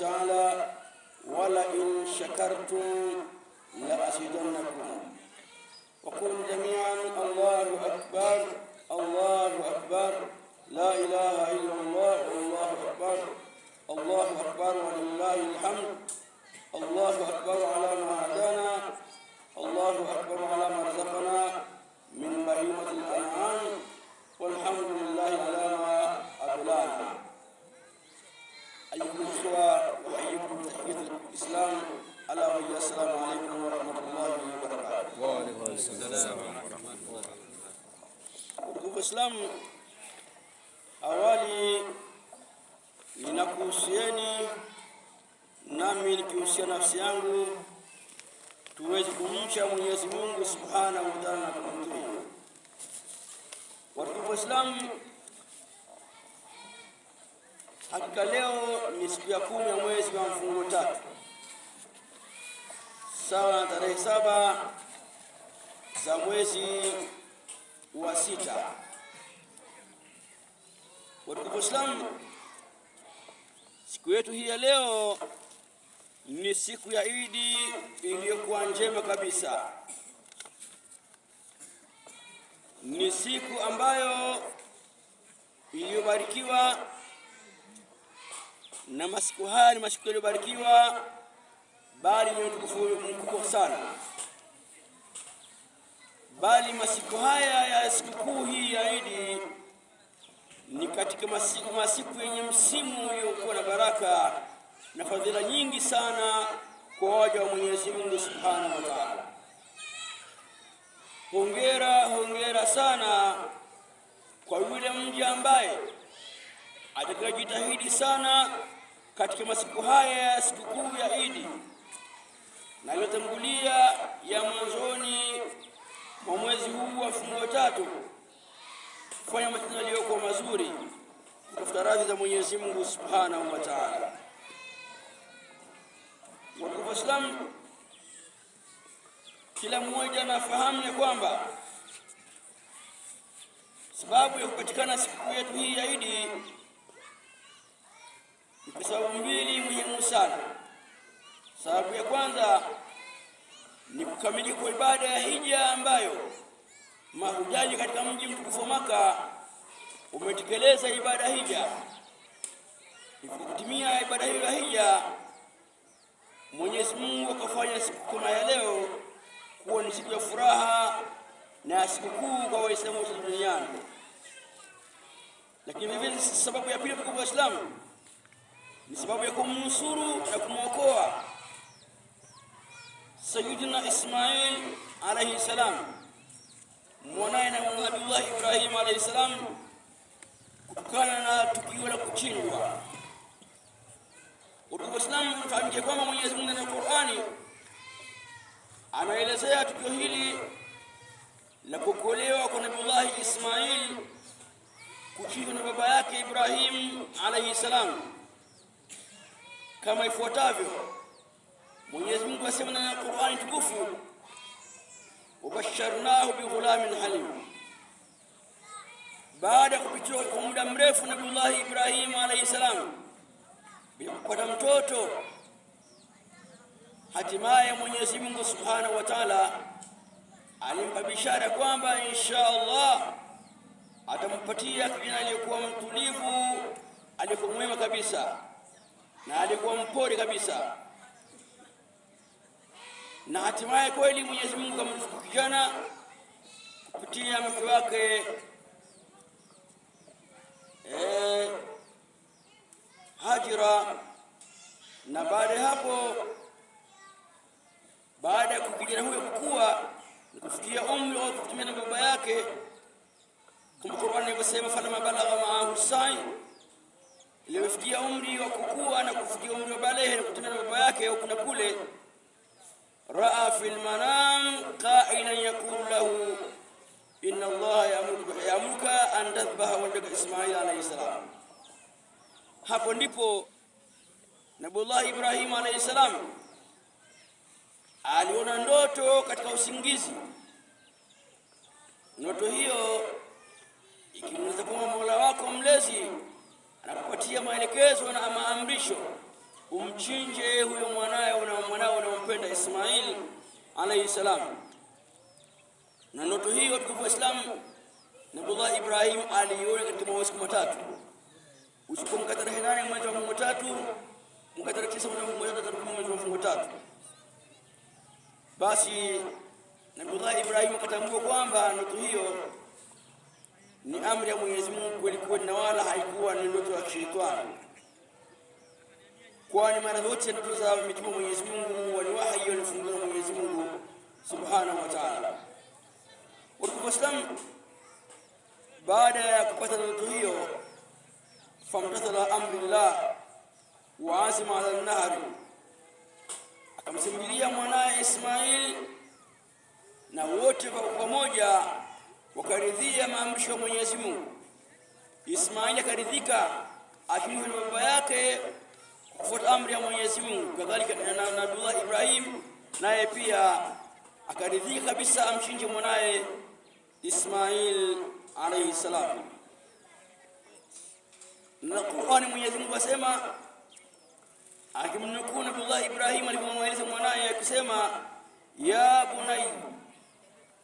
تعالى ولئن شكرتم لأزيدنكم وقل جميعا الله أكبر الله أكبر لا إله إلا الله الله أكبر الله أكبر ولله الحمد الله أكبر على ما هدانا Awali ninakuhusieni nami nikihusia nafsi yangu, tuweze kumcha Mwenyezi Mungu subhanahu wa taala na kumtii. Watukufu Waislamu, hakika leo ni siku ya kumi ya mwezi wa mfungo tatu sawa na tarehe saba za mwezi wa sita Watukufu Waislamu, siku yetu hii ya leo ni siku ya Idi iliyokuwa njema kabisa, ni siku ambayo iliyobarikiwa na masiku haya ni masiku yaliyobarikiwa, bali ni utukufu mkubwa sana, bali masiku haya ya sikukuu hii ya Idi katika masiku, masiku yenye msimu uliokuwa na baraka na fadhila nyingi sana kwa waja wa Mwenyezi Mungu Subhanahu wa Ta'ala. Hongera, hongera sana kwa yule mja ambaye atakayejitahidi sana katika masiku haya ya sikukuu ya Idi na iliyotangulia ya mwanzoni mwa mwezi huu wa mfungo wa tatu kufanya matendo yaliyokuwa mazuri kutafuta radhi za Mwenyezi Mungu Subhanahu wa Ta'ala. Watukufu Islam, kila mmoja anafahamu ya kwamba sababu ya kupatikana siku yetu hii ya Idi ni kwa sababu mbili muhimu sana. Sababu ya kwanza ni kukamilika kwa ibada ya hija ambayo mahujaji katika mji mtukufu wa Maka umetekeleza ibada hija. Ilipokutimia ibada hiyo ya hija, Mwenyezi Mungu akafanya siku kama ya leo kuwa ni siku ya furaha na sikukuu kwa Waislamu wote duniani. Lakini vivyo sababu ya pili kwa Waislamu ni sababu ya kumnusuru na kumwokoa Sayyidina Ismail alayhi salam mwanaye na Nabii Ibrahim alayhi salam kutokana na tukio la kuchinjwa. Udugu Waislamu, fahamike kwamba Mwenyezi Mungu na Qur'ani anaelezea tukio hili la kukolewa kwa Nabiullahi Ismail kuchinjwa na baba yake Ibrahim alayhi salam kama ifuatavyo. Mwenyezi Mungu asema na Qur'ani tukufu, wabasharnahu bighulamin halim baada ya kupitiwa kwa muda mrefu Nabiullahi Ibrahim alayhi salam bila kupata mtoto, hatimaye Mwenyezi Mungu subhanahu wa taala alimpa bishara kwamba insha Allah atampatia kijana aliyekuwa mtulivu, aliyekuwa mwema kabisa na aliyekuwa mpori kabisa, na hatimaye kweli Mwenyezi Mungu akamruzuku kijana kupitia mke wake eh, Na baada ya hapo, baada ya kijana huyo kukua kufikia umri wa kutumia na baba yake, kama Qur'an inavyosema, falamma balagha ma'ahu sai iliyofikia umri wa kukua na kufikia umri wa balehe na kutumia na baba yake huko na kule, raa fil manam qa'ilan yakulu lahu inna Allaha yaamuru bihayamuka an tadhbaha walidaka Ismail alayhi salam. Hapo ndipo nabullahi Ibrahim alayhi salam aliona ndoto katika usingizi. Ndoto hiyo ikimweleza kwamba Mola wako mlezi anakupatia maelekezo na maamrisho umchinje huyo mwanaye na mwanao unaompenda Ismail alayhi salam. Na ndoto hiyo tukufu Waislamu, Nabiyullah Ibrahim aliiona katika masiku matatu, usiku tarehe nane mwezi wa mfungo tatu, mkatarehe tisa mwezi wa mfungo tatu, tarehe mwezi wa mfungo tatu. Basi Nabiyullah Ibrahim akatambua kwamba ndoto hiyo ni amri ya Mwenyezi Mungu kweli kweli, na wala haikuwa ni ndoto ya kishetani, kwani mara zote ndoto za mitume Mwenyezi Mungu waliwahi walifunguliwa Mwenyezi Mungu subhanahu wa ta'ala. Utukufu wa Islam baada ya kupata ndoto hiyo, famtathala amrillah wa azima ala nahri, akamsimulia mwanaye Ismail na wote kwa pamoja wakaridhia maamrisho ya Mwenyezi Mungu. Ismail akaridhika akiwa na baba yake kufuata amri ya Mwenyezi Mungu. Kadhalika na Abdullah Ibrahim naye pia akaridhika kabisa amshinje mwanaye Ismail alayhi salam. Na Qur'ani Mwenyezi Mungu asema akimnukuu Nabiyullah Ibrahim alipomweleza mwanaye akisema ya bunai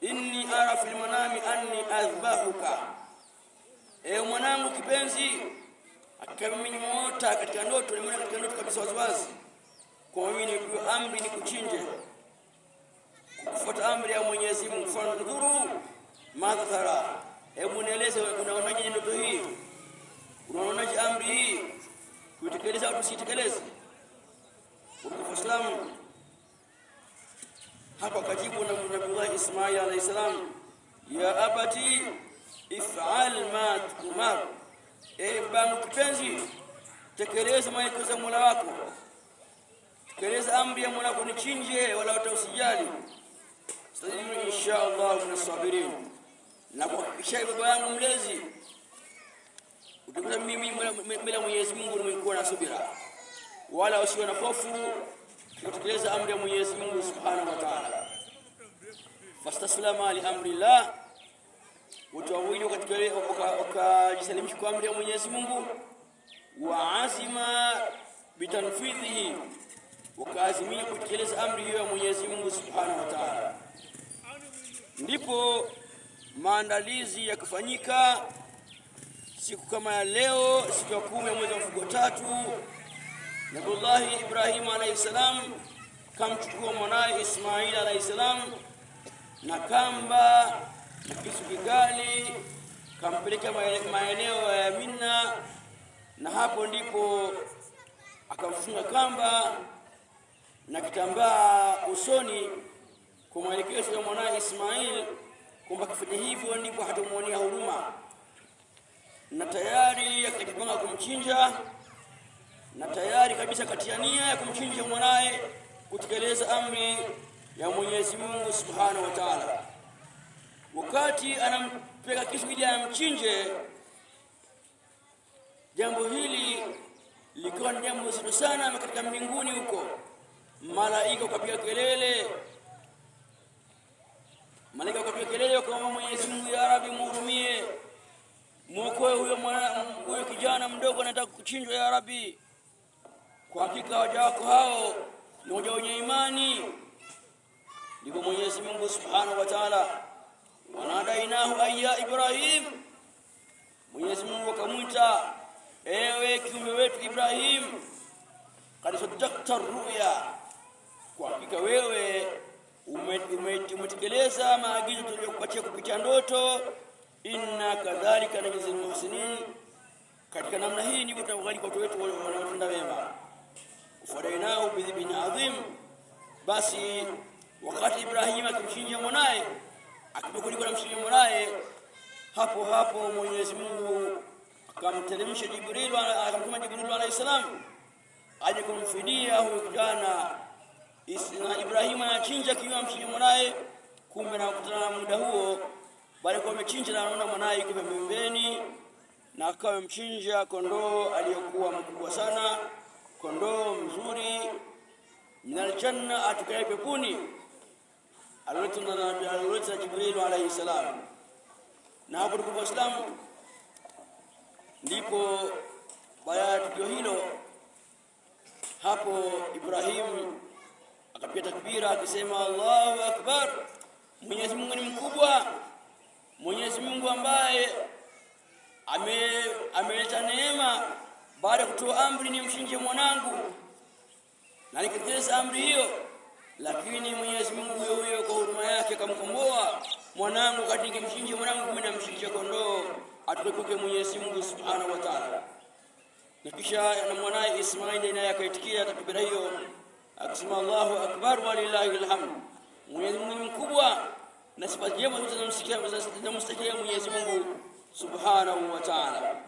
inni ara fil manami anni adhbahuka, e mwanangu kipenzi, hakika katika ndoto, nimeona katika ndoto kabisa waziwazi, kwa mimi ni kuchinje, kufuata amri ya Mwenyezi Mungu, fandhuru madhara. Hebu nieleze unaonaje ndoto hii? Unaonaje amri hii? Kuitekeleza au tusitekeleze? Waislamu hapa kajibu na Nabii Ismail alayhi salam, ya abati if'al ma tumar, e ee bangu kipenzi, tekeleza maelekezo ya Mola wako, tekeleza amri ya Mola wako, nichinje wala uta usijali. Insha Allah mnasabirin na kuhakikisha baba yangu mlezi utakuta mimi mbele Mwenyezi Mungu nimekuwa na subira, wala usiwe na hofu kutekeleza amri ya Mwenyezi Mungu Subhanahu wa Ta'ala. Fastaslama li amri amrillah, watu wawili wakajisalimisha kwa amri ya Mwenyezi Mungu. Wa azima bitanfidhihi, wakaazimia kutekeleza amri hiyo ya Mwenyezi Mungu Subhanahu wa Ta'ala, ndipo maandalizi kufanyika siku kama ya leo, siku ya kumi ya mwezi wa mfungo tatu, nabullahi Ibrahim alaihi salam kamchukua mwanaye Ismail alaihi salam na kamba na kisu kigali kampeleka maeneo ya Mina, na hapo ndipo akamfunga kamba na kitambaa usoni kwa mwelekeo ya mwanaye Ismail kwamba akifanya hivyo ndipo hatamwonea huruma, na tayari akajipanga kumchinja, na tayari kabisa katia nia ya kumchinja mwanaye kutekeleza amri ya Mwenyezi Mungu Subhanahu wa Ta'ala. Wakati anampeka kisu ili amchinje, jambo hili likiwa ni jambo zito sana katika mbinguni huko, malaika kapiga kelele Malaika wakatoa kelele kwa Mwenyezi Mungu, ya Rabbi, muhurumie, mwokoe huyo mwana, huyo kijana mdogo anataka kuchinjwa, ya Rabbi. Kwa hakika waja wako hao ni waja wenye imani. Ndipo Mwenyezi Mungu Subhanahu wa Ta'ala, wanadainahu ayya Ibrahim, Mwenyezi Mungu akamwita, ewe kiumbe wetu Ibrahim, kad ruya, kwa hakika wewe umetekeleza maagizo tuliyokupatia kupitia ndoto, inna kadhalika na najzil muhsinin, katika namna hii ndivyo tunawalipa watu wetu wanaotenda wema. Fadainahu bidhibhin adhim, basi wakati Ibrahim akimshinja mwanaye akibukuliko na mshinja mwanaye, hapo hapo Mwenyezi Mungu akamteremsha Jibril, akamtuma Jibril alayhi salam aje kumfidia huyu kijana na Ibrahimu anachinja kiwa mchinja mwanaye, kumbe nakutana na muda huo kwa amechinja na anaona mwanaye kumbe pembeni, na akawa amemchinja kondoo aliyokuwa mkubwa sana, kondoo mzuri, minal janna, atukaye pepuni, alileta Jibrilu alayhi salam. Na hapo tukufu Waislamu, ndipo baada ya tukio hilo, hapo Ibrahimu akipiga takbira akisema Allahu Akbar. Mwenyezi Mungu ni mkubwa, Mwenyezi Mungu ambaye ameleta ame neema baada ya kutoa amri ni mshinje mwanangu, na nikatekeleza amri hiyo, lakini Mwenyezi Mungu huyo huyo kwa huruma yake akamkomboa mwanangu katika mshinje mwanangu na mshinje kondoo. Atukuke Mwenyezi Mungu Subhanahu wa Ta'ala. Na kisha na mwanaye Ismail naye akaitikia takbira hiyo. أقسم الله أكبر ولله الحمد من كبوة نسبة جيبا نتنمسكيها وزاستدامستكيها ويزمون سبحانه وتعالى